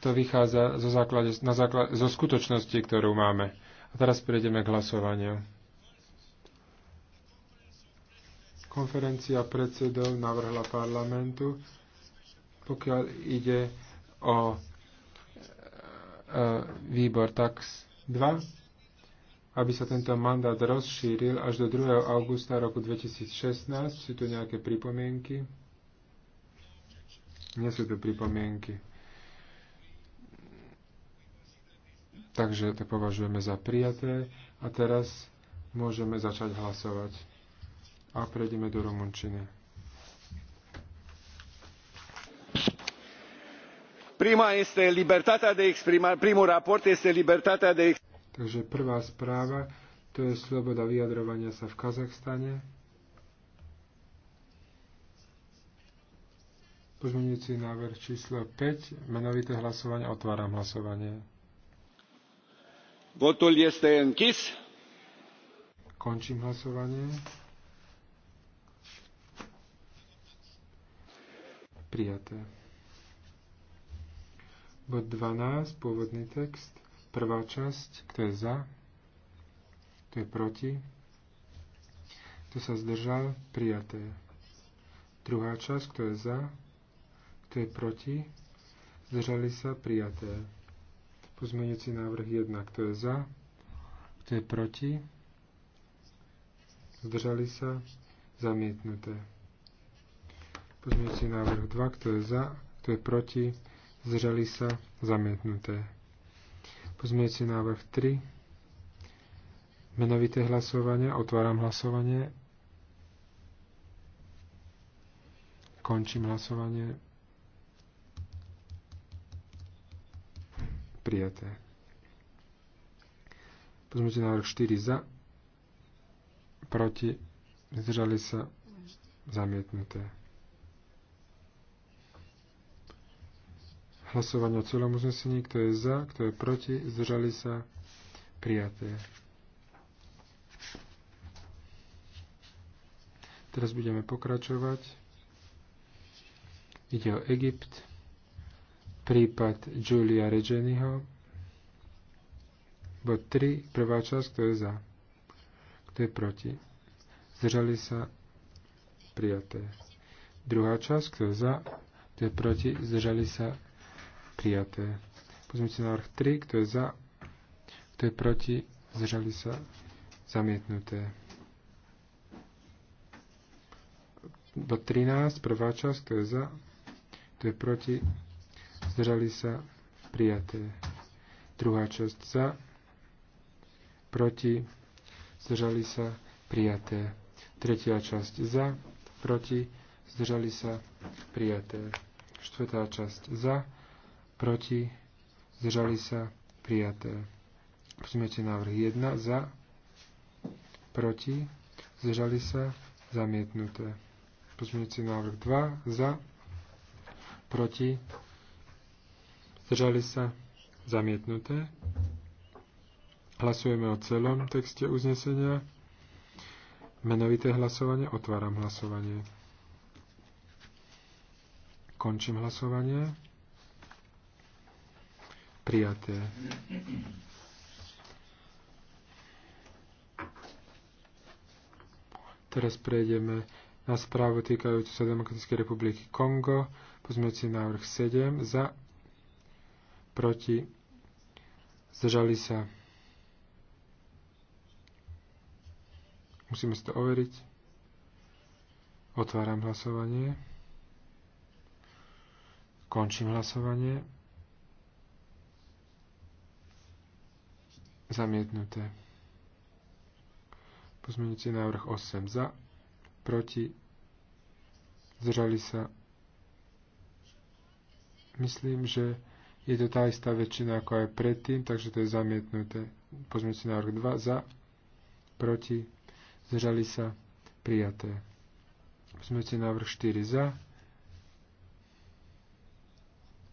to vychádza zo, základe, na základe, zo skutočnosti, ktorú máme. A teraz prejdeme k hlasovaniu. Konferencia predsedov navrhla parlamentu, pokiaľ ide o e, e výbor TAX 2, aby sa tento mandát rozšíril až do 2. augusta roku 2016. Sú tu nejaké pripomienky? Nie sú tu pripomienky. Takže to považujeme za prijaté a teraz môžeme začať hlasovať. A prejdeme do Rumunčiny. Prima este libertatea de exprimare, primul raport este libertatea de Takže prvá správa, to je sloboda vyjadrovania sa v Kazachstane. Pozmeňujúci návrh číslo 5, menovité hlasovanie, otváram hlasovanie. Votul este închis. Končím hlasovanie. Prijaté. Bod 12, pôvodný text. Prvá časť, kto je za, kto je proti, kto sa zdržal, prijaté. Druhá časť, kto je za, kto je proti, zdržali sa, prijaté. Pozmeňujúci návrh 1. Kto je za? Kto je proti? Zdržali sa? Zamietnuté. Pozmeňujúci návrh 2. Kto je za? Kto je proti? Zdržali sa? Zamietnuté. Pozmeňujúci návrh 3. Menovité hlasovanie. Otváram hlasovanie. Končím hlasovanie. prijaté. Pozmite návrh 4 za, proti, zdržali sa, zamietnuté. Hlasovanie o celom uznesení, kto je za, kto je proti, zdržali sa, prijaté. Teraz budeme pokračovať. Ide o Egypt prípad Julia Regeniho. Bod 3, prvá časť, kto je za, kto je proti. Zdržali sa prijaté. Druhá časť, kto je za, kto je proti, zdržali sa prijaté. Pozmite návrh 3, kto je za, kto je proti, zdržali sa zamietnuté. Do 13, prvá časť, kto je za, kto je proti, zdržali sa, prijaté. Druhá časť za, proti, zdržali sa, prijaté. Tretia časť za, proti, zdržali sa, prijaté. Štvrtá časť za, proti, zdržali sa, prijaté. Pozmiete návrh 1 za, proti, zdržali sa, zamietnuté. Pozmiete návrh 2 za, proti, Zdržali sa? Zamietnuté. Hlasujeme o celom texte uznesenia. Menovité hlasovanie. Otváram hlasovanie. Končím hlasovanie. Prijaté. Teraz prejdeme na správu týkajúcu sa Demokratickej republiky Kongo. Pozmeňujúci návrh 7. Za proti, zdržali sa. Musíme si to overiť. Otváram hlasovanie. Končím hlasovanie. Zamietnuté. Pozmeňujúci návrh 8 za, proti, zdržali sa. Myslím, že je to tá istá väčšina ako aj predtým, takže to je zamietnuté. Pozme si návrh 2 za, proti, zdržali sa, prijaté. Pozme si návrh 4 za,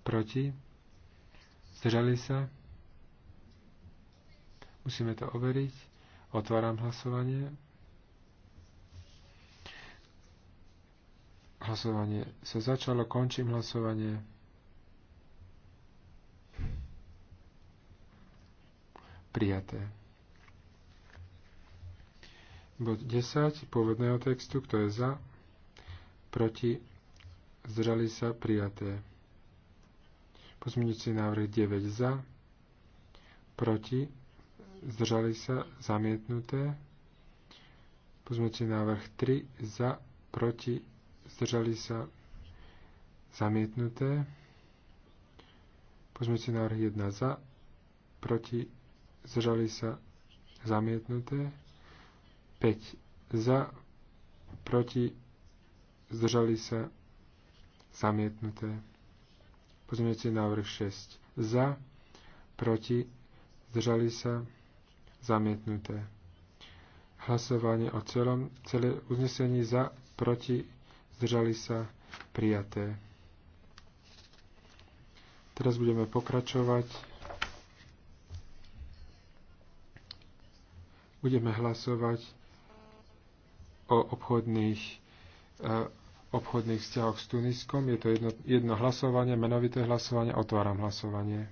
proti, zdržali sa. Musíme to overiť. Otváram hlasovanie. Hlasovanie sa začalo, končím hlasovanie. prijaté. Bod 10 pôvodného textu, kto je za, proti, zdržali sa, prijaté. Pozmeňujúci návrh 9 za, proti, zdržali sa, zamietnuté. Pozmeňujúci návrh 3 za, proti, zdržali sa, zamietnuté. Pozmeňujúci návrh 1 za, proti, zdržali sa zamietnuté, 5 za, proti, zdržali sa zamietnuté. Pozmeňujúci návrh 6 za, proti, zdržali sa zamietnuté. Hlasovanie o celom, celé uznesení za, proti, zdržali sa prijaté. Teraz budeme pokračovať budeme hlasovať o obchodných, e, obchodných vzťahoch s Tuniskom. Je to jedno, jedno hlasovanie, menovité hlasovanie. Otváram hlasovanie.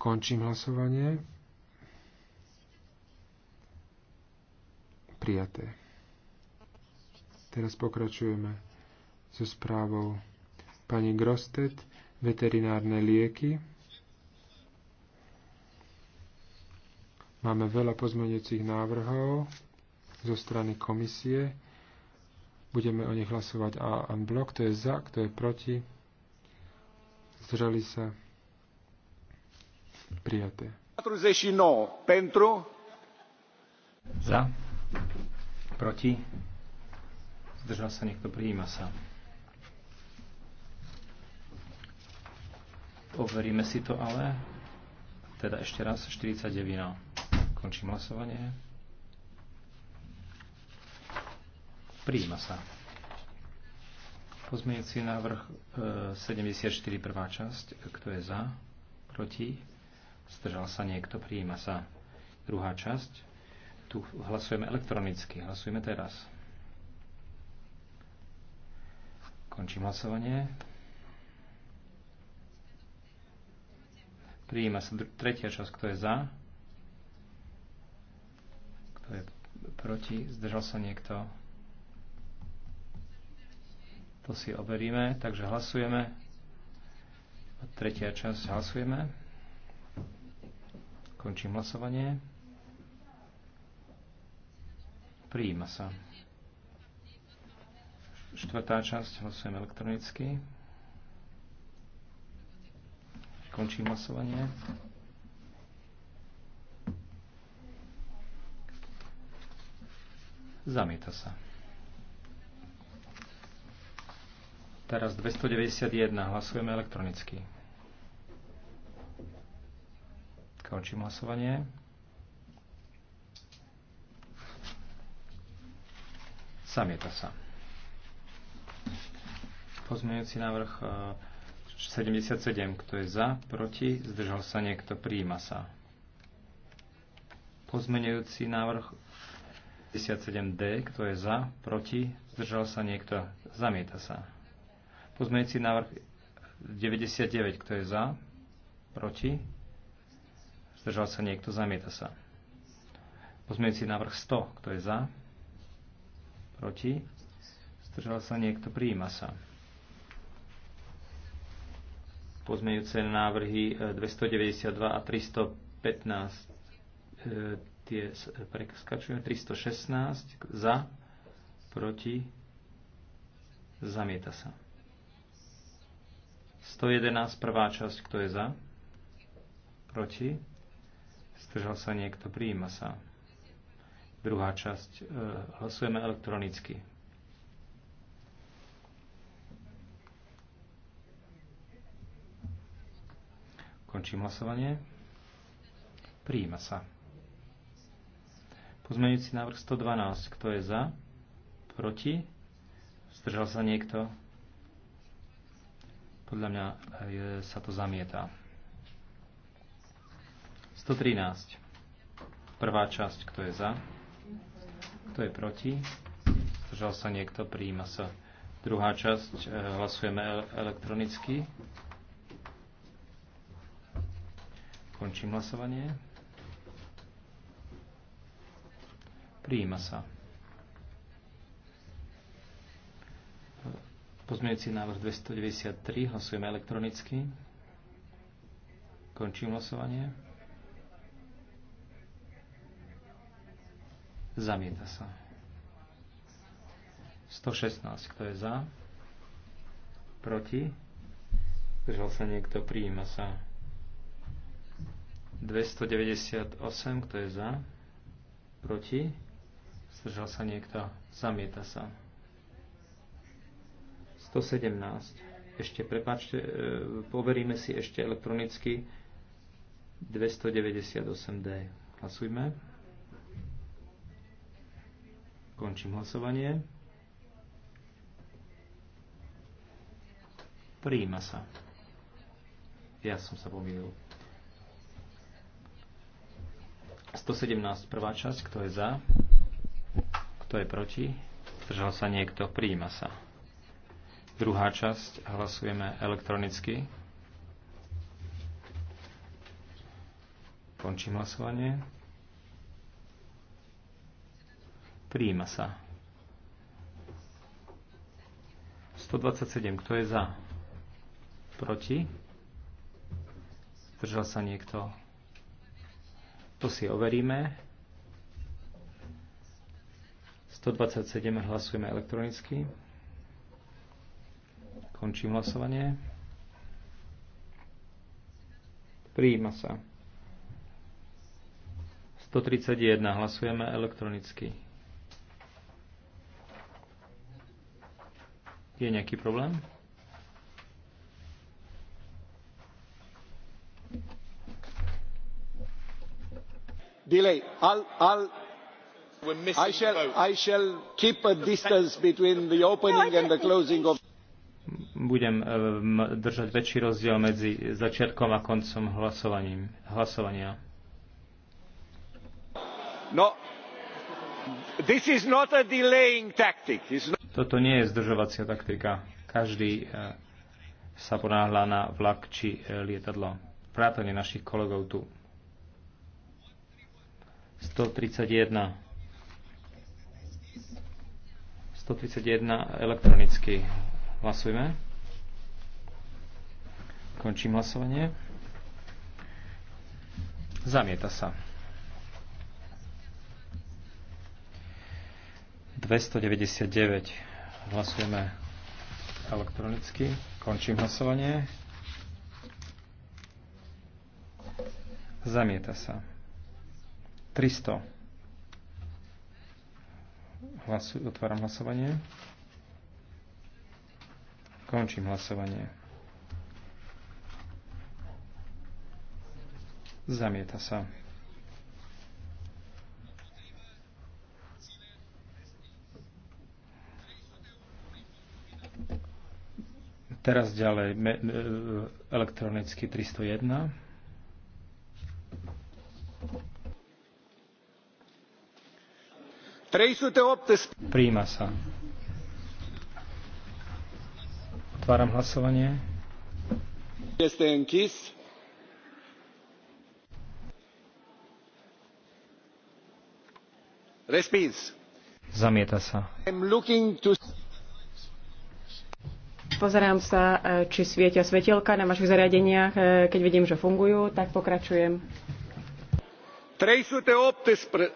Končím hlasovanie. Prijaté. Teraz pokračujeme so správou pani Grostet, veterinárne lieky. Máme veľa pozmeňujúcich návrhov zo strany komisie. Budeme o nich hlasovať a blok. Kto je za, kto je proti. Zdržali sa. Prijaté. 49 pentru. Za. Proti. Zdržal sa niekto, prijíma sa. Overíme si to ale. Teda ešte raz 49. Končím hlasovanie. Príjima sa. Pozmeňujúci návrh 74, e, prvá časť. Kto je za? Proti? Zdržal sa niekto? Príjima sa. Druhá časť. Tu hlasujeme elektronicky. Hlasujeme teraz. Končím hlasovanie. Prijíma sa tretia časť, kto je za, kto je proti? Zdržal sa niekto? To si overíme, takže hlasujeme. Tretia časť hlasujeme. Končím hlasovanie. Prijíma sa. Štvrtá časť hlasujem elektronicky. Končím hlasovanie. Zamieta sa. Teraz 291. Hlasujeme elektronicky. Končím hlasovanie. Zamieta sa. Pozmeňujúci návrh 77. E, Kto je za, proti, zdržal sa niekto, príjima sa. Pozmeňujúci návrh 57D, kto je za, proti, zdržal sa niekto, zamieta sa. Pozmeňujúci návrh 99, kto je za, proti, zdržal sa niekto, zamieta sa. Pozmeňujúci návrh 100, kto je za, proti, zdržal sa niekto, prijíma sa. Pozmeňujúce návrhy 292 a 315 tie preskačujeme. 316 za, proti, zamieta sa. 111 prvá časť, kto je za, proti, Stržal sa niekto, prijíma sa. Druhá časť, e, hlasujeme elektronicky. Končím hlasovanie. Prijíma sa. Pozmeňujúci návrh 112. Kto je za? Proti? Zdržal sa niekto? Podľa mňa eh, je, sa to zamieta. 113. Prvá časť. Kto je za? Kto je proti? Zdržal sa niekto? Prijíma sa. Druhá časť. Eh, hlasujeme elektronicky. Končím hlasovanie. Prijíma sa. Pozmeňujúci návrh 293. Hlasujeme elektronicky. Končím hlasovanie. Zamieta sa. 116. Kto je za? Proti? Držal sa niekto? Prijíma sa. 298. Kto je za? Proti? Zdržal sa niekto? Zamieta sa. 117. Ešte, prepáčte, e, poveríme si ešte elektronicky 298D. Hlasujme. Končím hlasovanie. Príjima sa. Ja som sa pomýlil. 117. Prvá časť. Kto je za? Kto je proti? Zdržal sa niekto? Prijíma sa. Druhá časť. Hlasujeme elektronicky. Končím hlasovanie. Prijíma sa. 127. Kto je za? Proti? Zdržal sa niekto? To si overíme. 127 hlasujeme elektronicky. Končím hlasovanie. Prijíma sa. 131 hlasujeme elektronicky. Je nejaký problém? Delay. Al, al, budem eh, držať väčší rozdiel medzi začiatkom a koncom hlasovania. No, this is not a delaying tactic. not... Toto nie je zdržovacia taktika. Každý eh, sa ponáhľa na vlak či eh, lietadlo. Vrátane našich kolegov tu. 131. 131 elektronicky. Hlasujme. Končím hlasovanie. Zamieta sa. 299. Hlasujeme elektronicky. Končím hlasovanie. Zamieta sa. 300 otváram hlasovanie. Končím hlasovanie. Zamieta sa. Teraz ďalej elektronicky 301. 318. sa. Otváram hlasovanie. Este închis. Respins. Zamieta sa. To... Pozerám sa, e, či svietia svetielka na vašich zariadeniach. E, keď vidím, že fungujú, tak pokračujem. 318.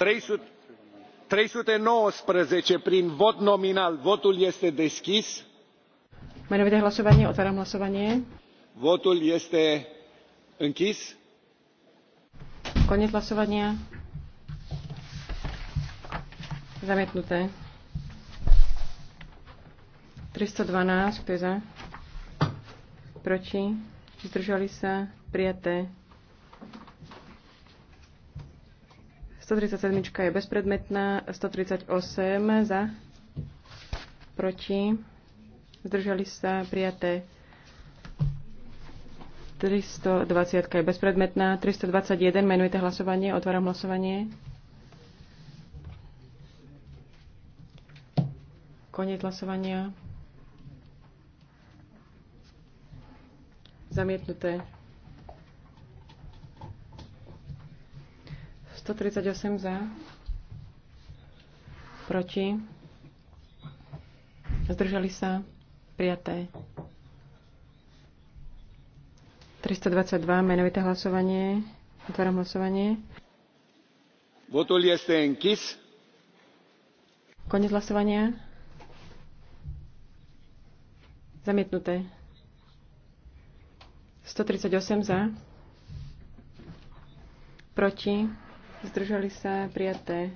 300 trei sute nouăsprezece prin vot nominal votul este deschis. votul este închis. zamietnuté. 312, kto je za? Proti? Zdržali sa? Prijaté. 137 je bezpredmetná, 138 za, proti, zdržali sa prijaté. 320 je bezpredmetná, 321 menujete hlasovanie, otváram hlasovanie. Koniec hlasovania. Zamietnuté. 138 za. Proti. Zdržali sa. Prijaté. 322, menovité hlasovanie. Otváram hlasovanie. Votul este închis. Konec hlasovania. Zamietnuté. 138 za. Proti. Zdržali sa prijaté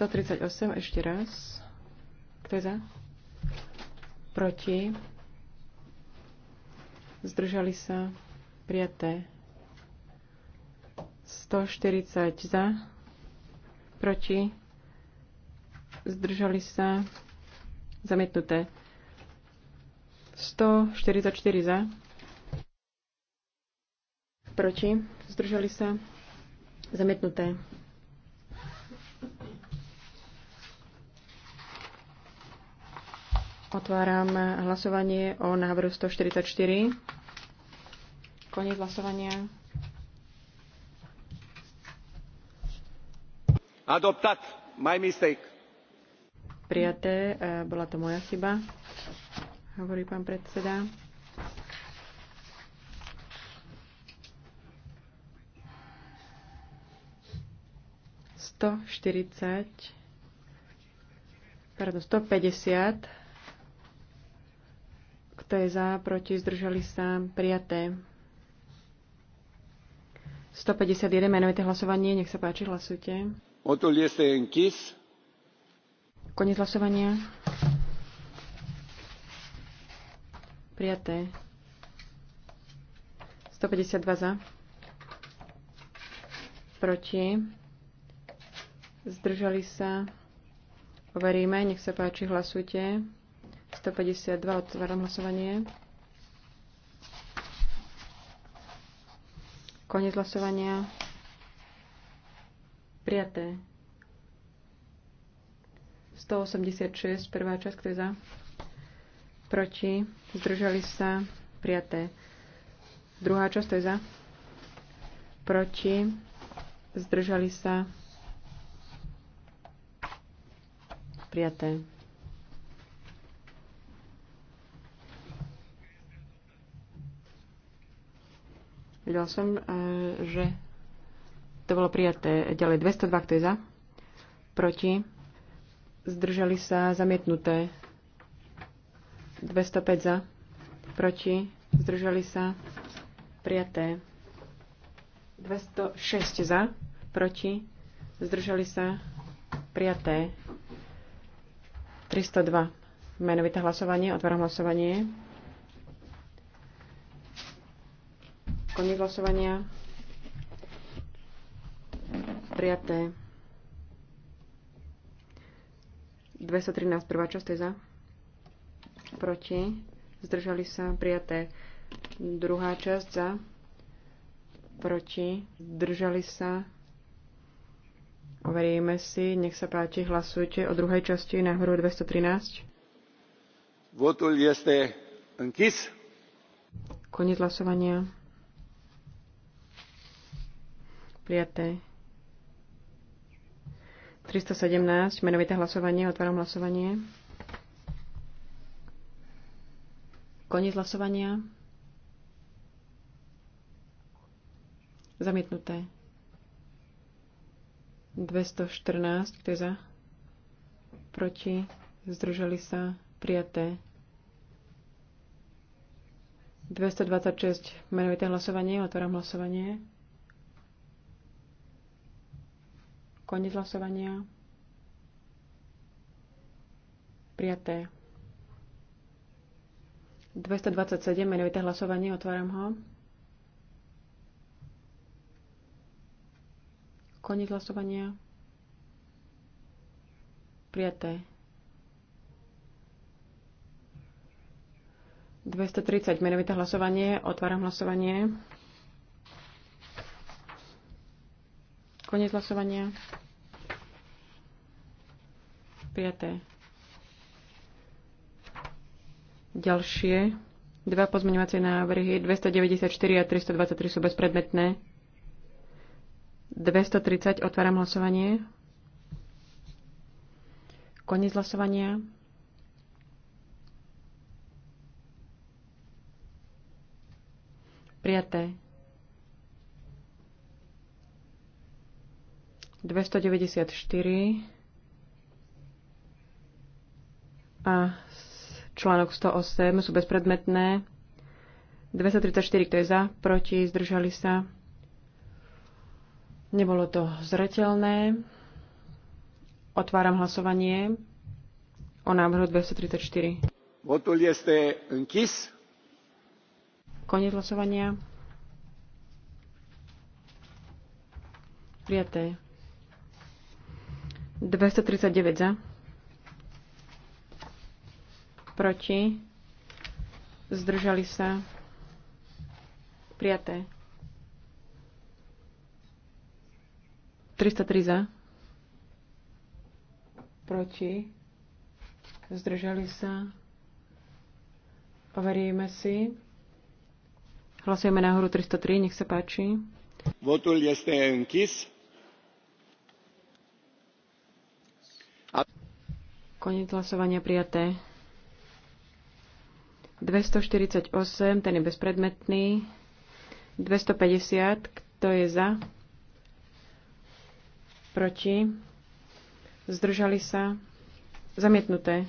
138 ešte raz. Kto je za? Proti. Zdržali sa prijaté 140 za. Proti. Zdržali sa zamietnuté 144 za Proti? Zdržali sa? Zamietnuté. Otváram hlasovanie o návrhu 144. Koniec hlasovania. Adoptat. My mistake. Prijaté. E, bola to moja chyba, hovorí pán predseda. 140, pardon, 150. Kto je za, proti, zdržali sa, prijaté. 151, menujete hlasovanie, nech sa páči, hlasujte. Votul este închis. Koniec hlasovania. Prijaté. 152 za. Proti. Zdržali sa. Overíme. Nech sa páči, hlasujte. 152. Otváram hlasovanie. Konec hlasovania. Prijaté. 186, prvá časť, kto je za? Proti. Zdržali sa. Prijaté. Druhá časť, kto je za? Proti. Zdržali sa. Prijaté. Videla som, e, že to bolo prijaté. Ďalej 202, kto je za? Proti? Zdržali sa zamietnuté. 205 za. Proti? Zdržali sa prijaté. 206 za. Proti? Zdržali sa prijaté. 302. Menovité hlasovanie. Otváram hlasovanie. Koniec hlasovania. Prijaté. 213. Prvá časť je za. Proti. Zdržali sa. Prijaté. Druhá časť za. Proti. Zdržali sa. Overíme si, nech sa páči, hlasujte o druhej časti hru 213. Votul este închis. Koniec hlasovania. Prijaté. 317, menovité hlasovanie, otváram hlasovanie. Koniec hlasovania. Zamietnuté. 214, kto je za? Proti? Zdržali sa? Prijaté. 226, menovité hlasovanie, otváram hlasovanie. Koniec hlasovania. Prijaté. 227, menovité hlasovanie, otváram ho. Koniec hlasovania. Prijaté. 230 menovité hlasovanie. Otváram hlasovanie. Koniec hlasovania. Prijaté. Ďalšie. Dva pozmeňovacie návrhy 294 a 323 sú bezpredmetné. 230. Otváram hlasovanie. Koniec hlasovania. Prijaté. 294 a článok 108 sú bezpredmetné. 234, kto je za, proti, zdržali sa. Nebolo to zretelné. Otváram hlasovanie o návrhu 234. Votul este închis. Koniec hlasovania. Prijaté. 239 za. Proti. Zdržali sa. Prijaté. 303 za. Proti. Zdržali sa. Overíme si. Hlasujeme nahoru 303, nech sa páči. Votul este închis. Koniec hlasovania prijaté. 248, ten je bezpredmetný. 250, kto je za? proti, zdržali sa, zamietnuté.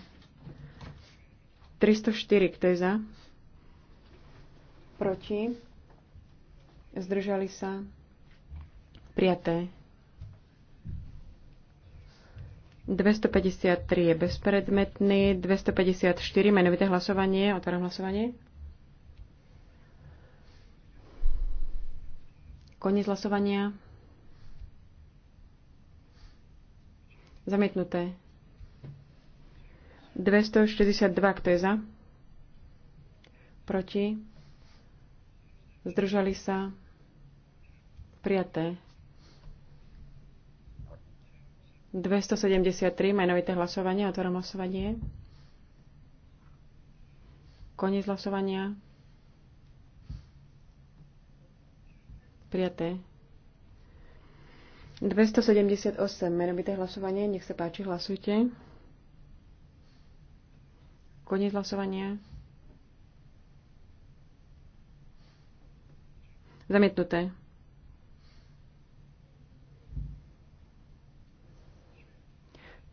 304, kto je za, proti, zdržali sa, prijaté. 253 je bezpredmetný, 254 menovité hlasovanie, otváram hlasovanie. Koniec hlasovania. Zamietnuté. 262, kto je za? Proti? Zdržali sa? Prijaté. 273, menovité hlasovanie, otvorom hlasovanie. Koniec hlasovania. Prijaté. 278, menovité hlasovanie, nech sa páči, hlasujte. Koniec hlasovania. Zamietnuté.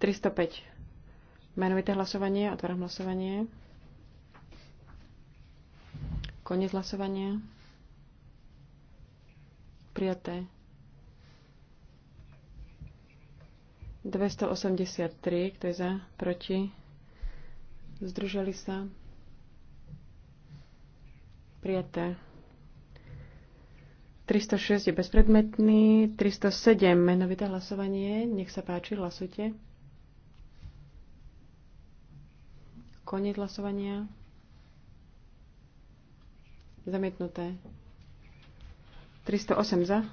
Tristo päť. Menovité hlasovanie, otváram hlasovanie. Koniec hlasovania. Prijaté. 283, kto je za, proti, zdržali sa, prijaté. 306 je bezpredmetný, 307 menovité hlasovanie, nech sa páči, hlasujte. Koniec hlasovania. Zamietnuté. 308 za.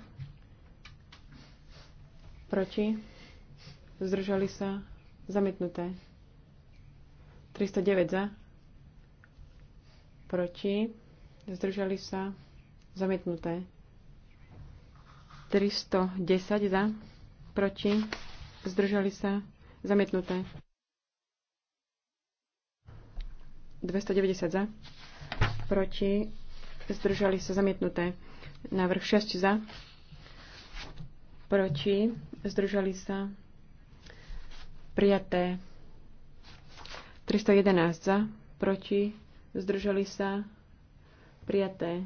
Proti. Zdržali sa? Zamietnuté. 309 za. Proti. Zdržali sa? Zamietnuté. 310 za. Proti. Zdržali sa? Zamietnuté. 290 za. Proti. Zdržali sa? Zamietnuté. Návrh 6 za. Proti. Zdržali sa? Prijaté. 311 za, proti, zdržali sa. Prijaté.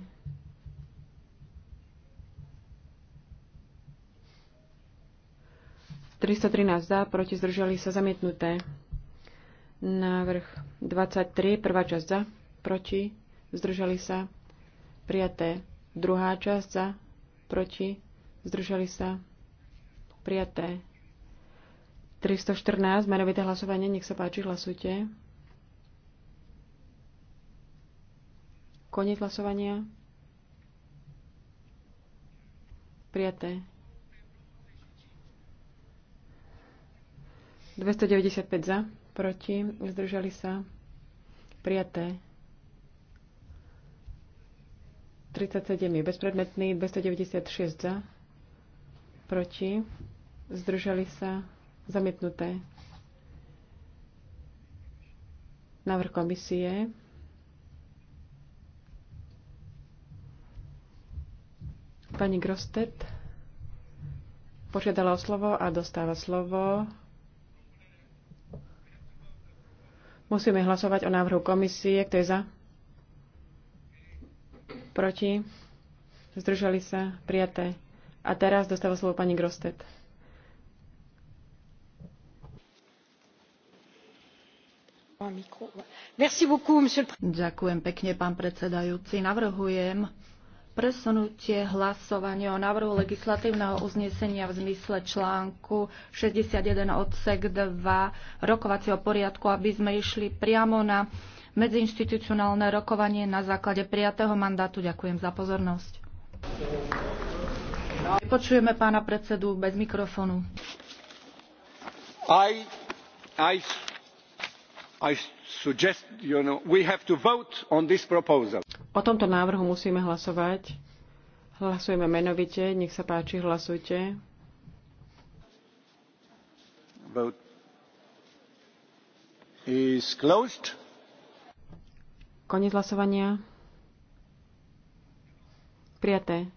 313 za, proti zdržali sa zamietnuté. Návrh 23, prvá časť za, proti, zdržali sa, prijaté. Druhá časť za, proti, zdržali sa, prijaté. 314, menovité hlasovanie, nech sa páči, hlasujte. Koniec hlasovania. Prijaté. 295 za, proti, zdržali sa. Prijaté. 37 je bezpredmetný, 296 za, proti, zdržali sa. Zamietnuté. Návrh komisie. Pani Grostet požiadala o slovo a dostáva slovo. Musíme hlasovať o návrhu komisie. Kto je za? Proti? Zdržali sa? Prijaté. A teraz dostáva slovo pani Grostet. Ďakujem pekne, pán predsedajúci. Navrhujem presunutie hlasovania o návrhu legislatívneho uznesenia v zmysle článku one odsek two rokovacieho poriadku, aby sme išli priamo na medziinštitucionálne rokovanie na základe prijatého mandátu. Ďakujem za pozornosť. Počujeme pána predsedu bez mikrofónu Suggest, o tomto návrhu musíme hlasovať. Hlasujeme menovite. Nech sa páči, hlasujte. Koniec hlasovania. Prijaté.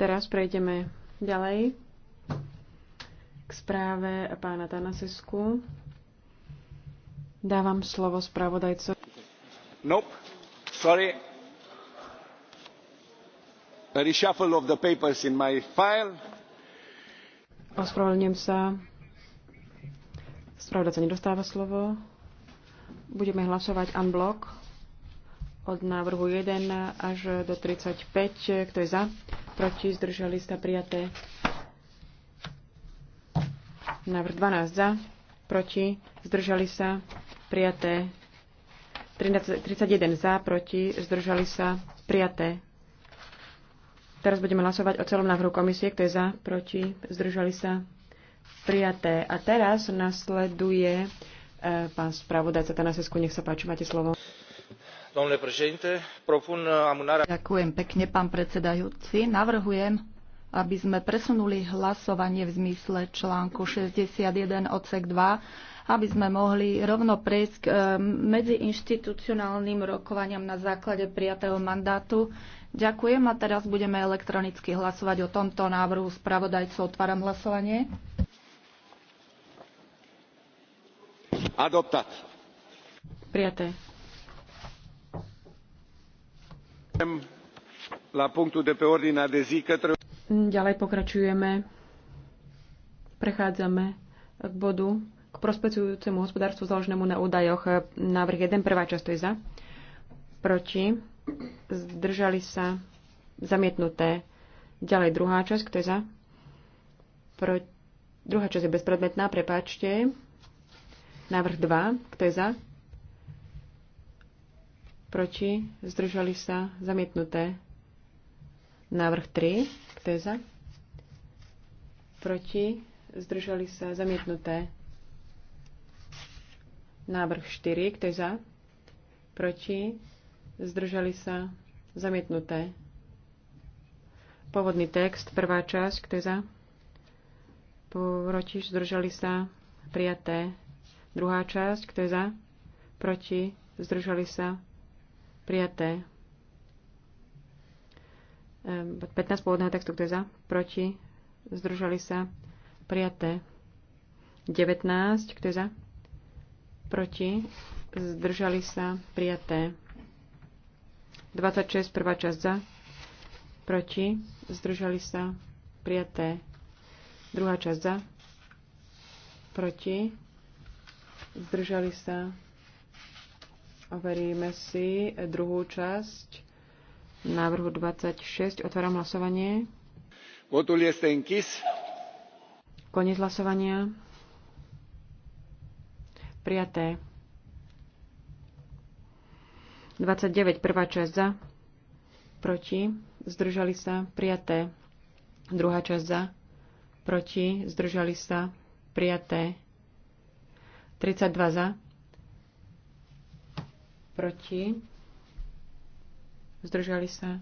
Teraz prejdeme ďalej. K správe pána Tanasesku dávam slovo spravodajcovi. Nope, sorry. A reshuffle of the papers in my file. Ospravedlňujem sa. Spravodajca nedostáva slovo. Budeme hlasovať unblock od návrhu 1 až do 35. Kto je za? Proti? Zdržali sa prijaté. Návrh 12 za, proti, zdržali sa, prijaté. 31 za, proti, zdržali sa, prijaté. Teraz budeme hlasovať o celom návrhu komisie, kto je za, proti, zdržali sa, prijaté. A teraz nasleduje e, pán spravodajca Tanasesku, nech sa páči, máte slovo. Ďakujem pekne, pán predsedajúci. Navrhujem aby sme presunuli hlasovanie v zmysle článku 61 odsek 2, aby sme mohli rovno prejsť k e, medziinštitucionálnym rokovaniam na základe prijatého mandátu. Ďakujem a teraz budeme elektronicky hlasovať o tomto návrhu spravodajcov. Otváram hlasovanie. Adoptat. Prijaté. La punctul de pe ordinea de zi către Ďalej pokračujeme. Prechádzame k bodu k prospecujúcemu hospodárstvu založenému na údajoch. Návrh 1, prvá časť, to je za. Proti. Zdržali sa. Zamietnuté. Ďalej druhá časť, kto je za. Pro... Druhá časť je bezpredmetná, prepáčte. Návrh 2, kto je za. Proti. Zdržali sa. Zamietnuté. Návrh 3. Kto je za? Proti? Zdržali sa zamietnuté. Návrh 4. Kto je za? Proti? Zdržali sa zamietnuté. Pôvodný text, prvá časť, kto je za? Proti? Zdržali sa prijaté. Druhá časť, kto je za? Proti? Zdržali sa prijaté. 15 pôvodného textu, kto je za, proti, zdržali sa, prijaté. 19, kto je za, proti, zdržali sa, prijaté. 26, prvá časť za, proti, zdržali sa, prijaté. Druhá časť za, proti, zdržali sa. Overíme si druhú časť návrhu 26. Otváram hlasovanie. Votul este închis. Koniec hlasovania. Prijaté. 29. Prvá časť za. Proti. Zdržali sa. Prijaté. Druhá časť za. Proti. Zdržali sa. Prijaté. 32 za. Proti zdržali sa,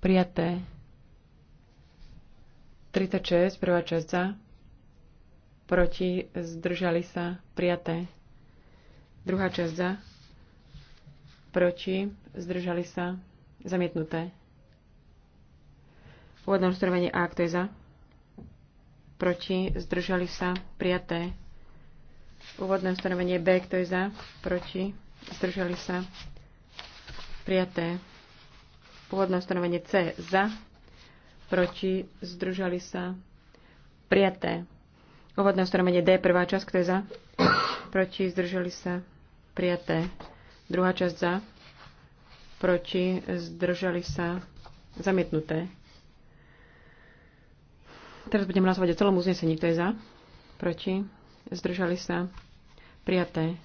prijaté. 36, prvá časť za, proti, zdržali sa, prijaté. Druhá časť za, proti, zdržali sa, zamietnuté. Úvodné ustanovenie A, kto je za? Proti, zdržali sa, prijaté. Úvodné ustanovenie B, kto je za? Proti, zdržali sa, Prijaté. Pôvodné ustanovenie C za. Proti. združali sa. Prijaté. pôvodné ustanovenie D, prvá časť, kto je za? Proti, združali sa. Prijaté. Druhá časť za. Proti, zdržali sa. Zamietnuté. Teraz budem hlasovať o celom uznesení, kto je za? Proti, zdržali sa. Prijaté.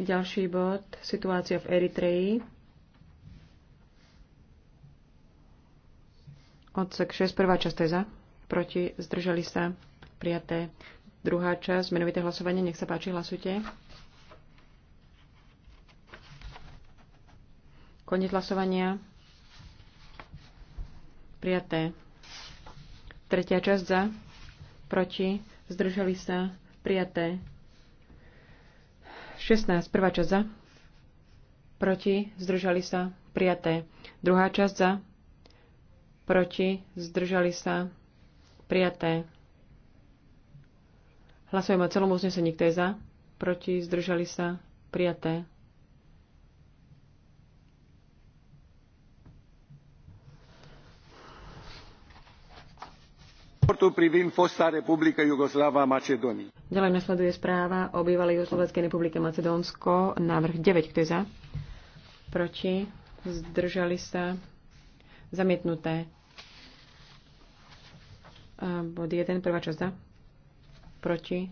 Ďalší bod, situácia v Eritreji. Odsek 6, prvá časť teza. Proti, zdržali sa, prijaté. Druhá časť, menovité hlasovanie, nech sa páči, hlasujte. Koniec hlasovania. Prijaté. Tretia časť za, proti, zdržali sa, prijaté. 16. Prvá časť za. Proti. Zdržali sa. Prijaté. Druhá časť za. Proti. Zdržali sa. Prijaté. Hlasujeme o celom uznesení. Kto je za? Proti. Zdržali sa. Prijaté. Ďalej nasleduje správa o bývalej Jugoslovenskej republike Macedónsko, návrh 9, kto je za? Proti? Zdržali sa? Zamietnuté. Bod 1, prvá časť za? Proti?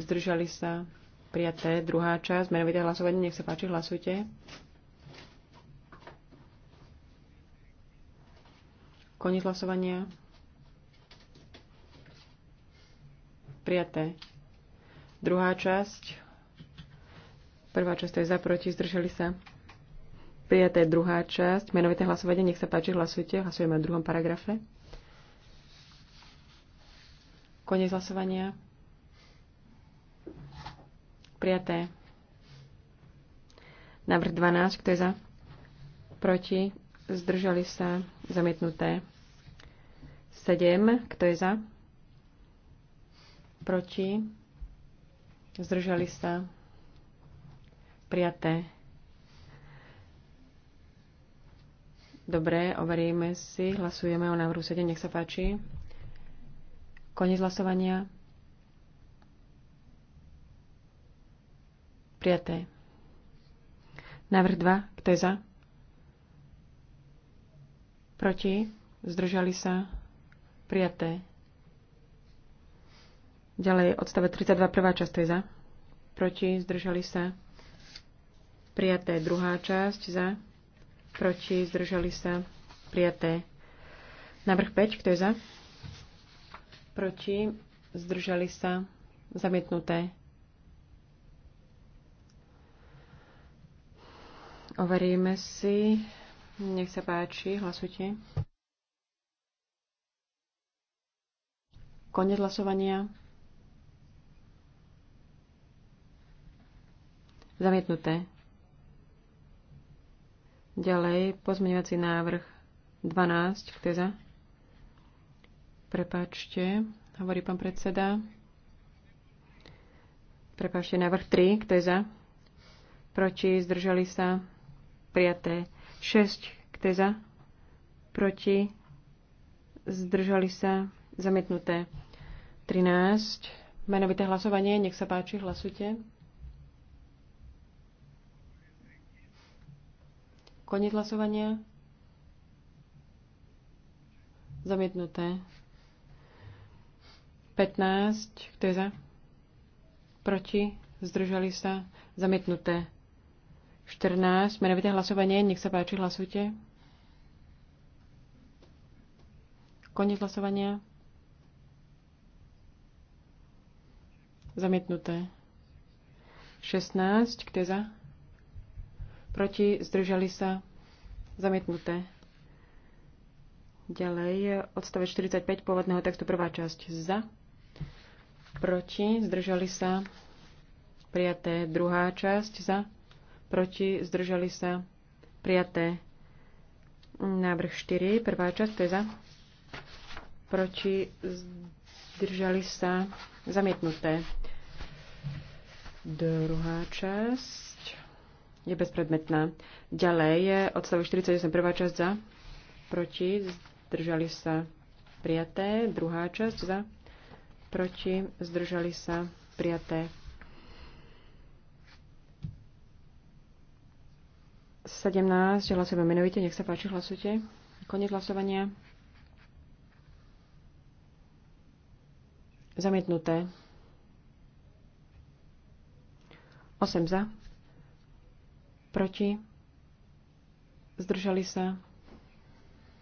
Zdržali sa? Prijaté. Druhá časť, menovité hlasovanie, nech sa páči, hlasujte. Koniec hlasovania. prijaté. Druhá časť. Prvá časť to je za, proti, zdržali sa. Prijaté druhá časť. Menovité hlasovanie. Nech sa páči, hlasujte. Hlasujeme o druhom paragrafe. Koniec hlasovania. Prijaté. Návrh 12. Kto je za? Proti. Zdržali sa. Zamietnuté. 7. Kto je za? Proti? Zdržali sa? Prijaté. Dobre, overíme si. Hlasujeme o návrhu 7. Nech sa páči. Konec hlasovania. Prijaté. Návrh 2. Kto je za? Proti? Zdržali sa? Prijaté. Ďalej odstave 32. prvá časť je za. Proti zdržali sa. Prijaté druhá časť za. Proti zdržali sa. Prijaté. Návrh 5. Kto je za? Proti zdržali sa. Zamietnuté. Overíme si. Nech sa páči, hlasujte. Konec hlasovania. Zamietnuté. Ďalej pozmeňovací návrh 12, kto je za? Prepačte, hovorí pán predseda. Prepačte, návrh 3, kto je za? Proti, zdržali sa, prijaté. 6, kto je za? Proti, zdržali sa, zamietnuté. 13, menovité hlasovanie, nech sa páči, hlasujte. Koniec hlasovania. Zamietnuté. 15. Kto je za? Proti? Zdržali sa? Zamietnuté. 14. Menovité hlasovanie. Nech sa páči, hlasujte. Koniec hlasovania. Zamietnuté. 16. Kto je za? proti, zdržali sa, zamietnuté. Ďalej, odstavec 45 pôvodného textu, prvá časť za, proti, zdržali sa, prijaté, druhá časť za, proti, zdržali sa, prijaté. Návrh 4, prvá časť, to je za, proti, zdržali sa, zamietnuté. Druhá časť je bezpredmetná. Ďalej je odstavu 48 prvá časť za, proti, zdržali sa prijaté, druhá časť za, proti, zdržali sa prijaté. 17, hlasujeme menovite, nech sa páči, hlasujte. Koniec hlasovania. Zamietnuté. 8 za, Proti? Zdržali sa?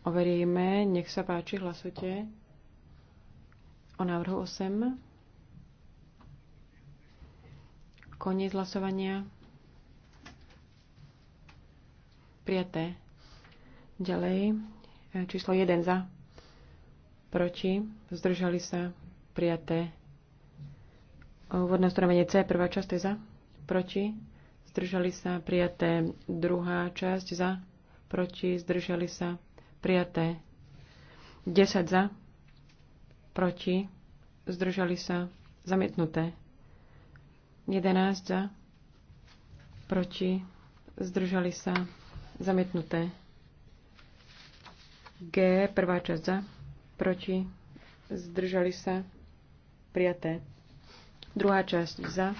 Overíme. Nech sa páči, hlasujte o návrhu 8. Koniec hlasovania. Prijaté. Ďalej. E, číslo 1 za. Proti. Zdržali sa. Prijaté. Vodné ustanovenie C. Prvá časť je za. Proti zdržali sa, prijaté. Druhá časť za, proti, zdržali sa, prijaté. 10 za, proti, zdržali sa, zamietnuté. 11 za, proti, zdržali sa, zamietnuté. G, prvá časť za, proti, zdržali sa, prijaté. Druhá časť za,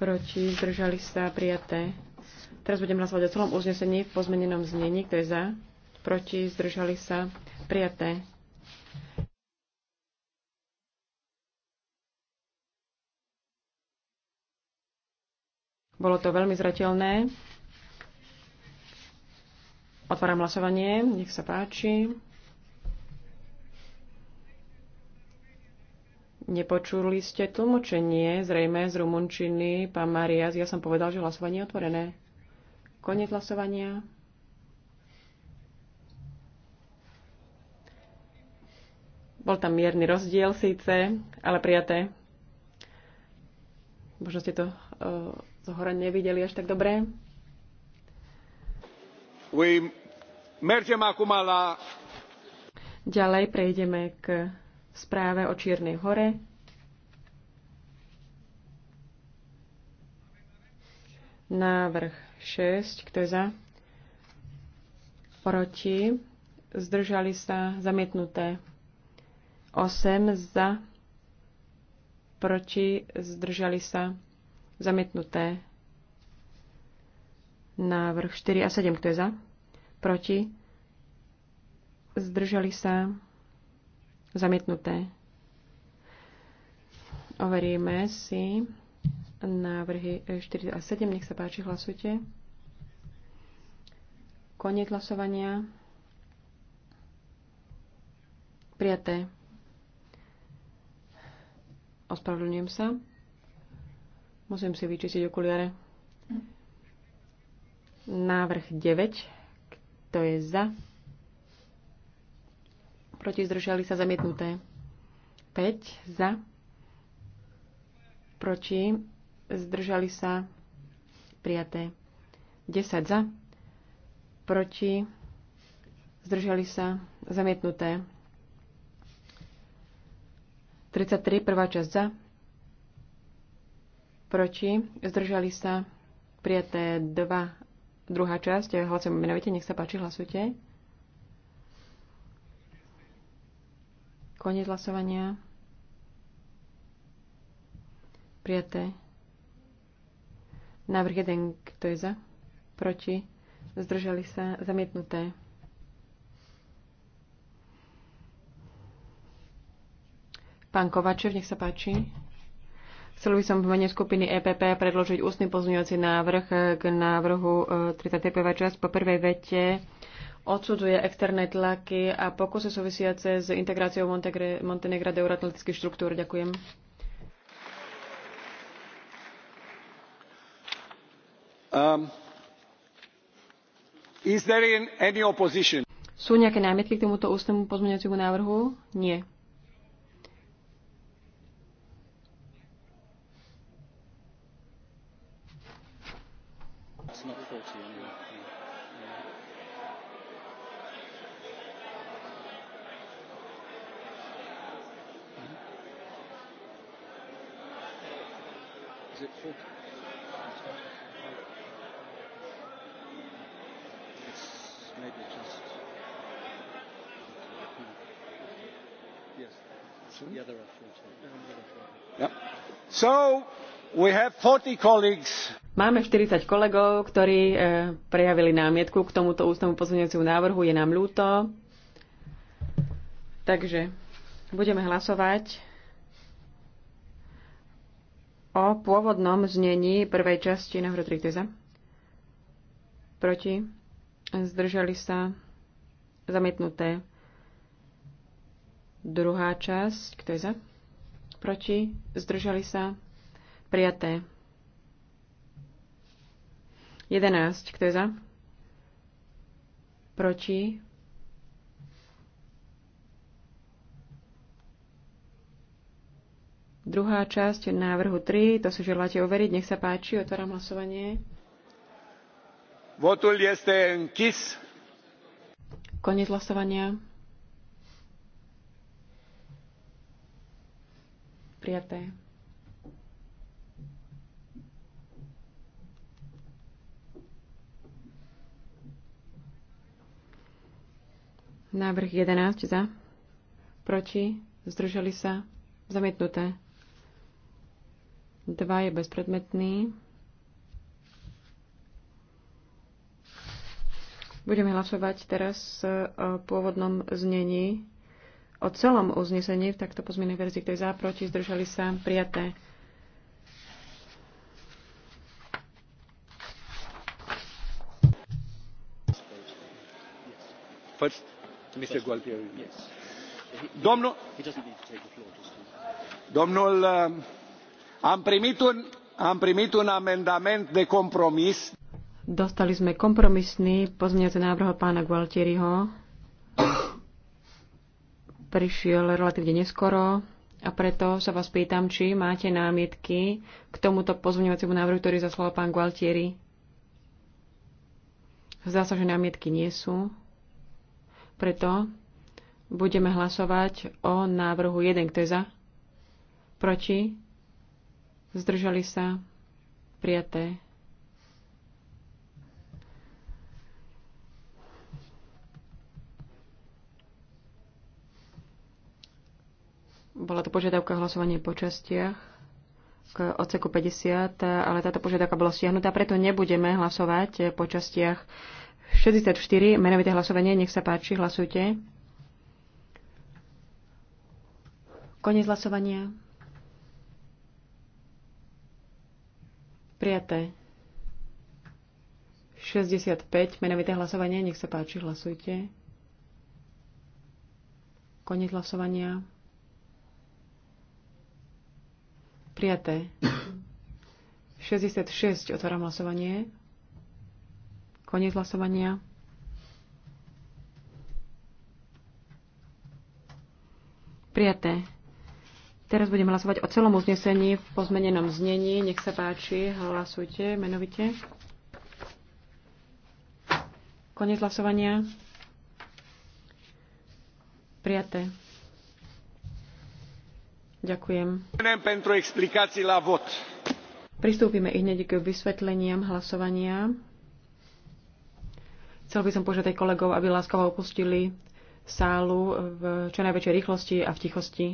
proti, zdržali sa, prijaté. Teraz budem hlasovať o celom uznesení v pozmenenom znení. Kto je za? Proti, zdržali sa, prijaté. Bolo to veľmi zretelné. Otváram hlasovanie. Nech sa páči. Nepočuli ste tlmočenie, zrejme z rumunčiny, pán Marias. Ja som povedal, že hlasovanie je otvorené. Konec hlasovania. Bol tam mierny rozdiel síce, ale prijaté. Možno ste to uh, e, zohora nevideli až tak dobre. mergem acum la... Ďalej prejdeme k správe o Čiernej hore. Návrh 6, kto je za? Proti. Zdržali sa zamietnuté. 8 za. Proti. Zdržali sa zamietnuté. Návrh 4 a 7, kto je za? Proti. Zdržali sa Zamietnuté. Overíme si návrhy 4 a 7. Nech sa páči, hlasujte. Koniec hlasovania. Prijaté. Ospravedlňujem sa. Musím si vyčistiť okuliare. Návrh 9. Kto je za? proti zdržali sa zamietnuté. 5 za, proti zdržali sa prijaté. 10 za, proti zdržali sa zamietnuté. 33 prvá časť za, proti zdržali sa prijaté 2 druhá časť. Hlasujeme menovite, nech sa páči, hlasujte. Konec hlasovania. Prijaté. Návrh 1. Kto je za? Proti? Zdržali sa? Zamietnuté. Pán Kovačev, nech sa páči. Chcel by som v mene skupiny EPP predložiť ústny pozňujúci návrh k návrhu e, 35. časť po prvej vete odsudzuje externé tlaky a pokusy súvisiace s integráciou Montegre, Montenegra do euroatlantických štruktúr. Ďakujem. Um, is there any opposition? Sú nejaké námietky k tomuto ústnemu pozmeňujúcemu návrhu? Nie. Máme 40 kolegov, ktorí e, prejavili námietku k tomuto ústnemu pozvaniaciu návrhu. Je nám ľúto. Takže budeme hlasovať o pôvodnom znení prvej časti návrhu 3 Proti? zdržali sa, zamietnuté. Druhá časť, kto je za? Proti, zdržali sa, prijaté. 11, kto je za? Proti, Druhá časť návrhu 3, to si želáte overiť, nech sa páči, otváram hlasovanie. Votul este închis. Koniec hlasovania. Prijaté. Návrh 11 za. Proti. Zdržali sa. Zamietnuté. 2 je bezpredmetný. Budeme hlasovať teraz e, o pôvodnom znení, o celom uznesení v takto pozmenej verzii, kto záproti zdržali sa, prijaté. First, Mr. Gualtieri. Yes. Domnul, domnul, um, am primit un, am primit un amendament de compromis Dostali sme kompromisný pozmeňujúci návrh pána Gualtieriho. Prišiel relatívne neskoro a preto sa vás pýtam, či máte námietky k tomuto pozmeňovaciemu návrhu, ktorý zaslal pán Gualtieri. Zdá sa, že námietky nie sú. Preto budeme hlasovať o návrhu 1. Kto je za? Proti? Zdržali sa? Prijaté. Bola to požiadavka hlasovanie po častiach k odseku 50, ale táto požiadavka bola stiahnutá, preto nebudeme hlasovať po častiach 64, menovité hlasovanie, nech sa páči, hlasujte. Koniec hlasovania. Prijaté. 65, menovité hlasovanie, nech sa páči, hlasujte. Koniec hlasovania. Prijaté. 66. Otváram hlasovanie. Koniec hlasovania. Prijaté. Teraz budeme hlasovať o celom uznesení v pozmenenom znení. Nech sa páči, hlasujte menovite. Koniec hlasovania. Prijaté. Pristúpime i k vysvetleniam hlasovania. Chcel by som požiadať kolegov, aby láskavo opustili sálu v čo najväčšej rýchlosti a v tichosti.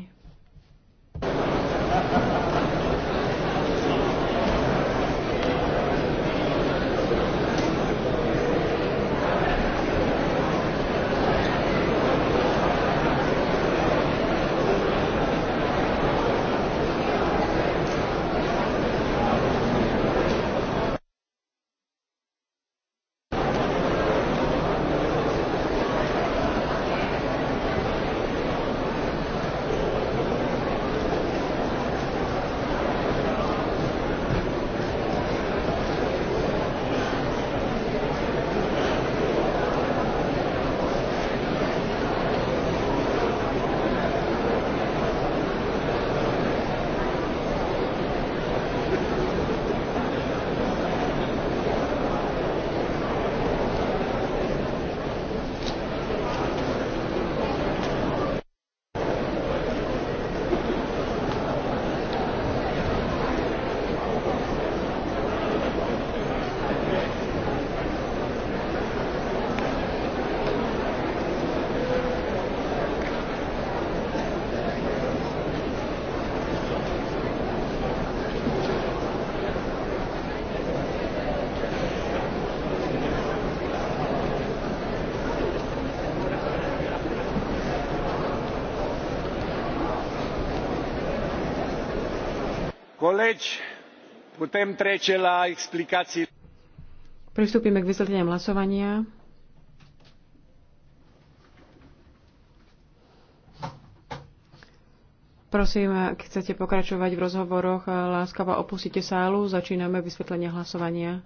Pristúpime k vysvetleniam hlasovania. Prosím, ak chcete pokračovať v rozhovoroch, láskavo opustite sálu. Začíname vysvetlenie hlasovania.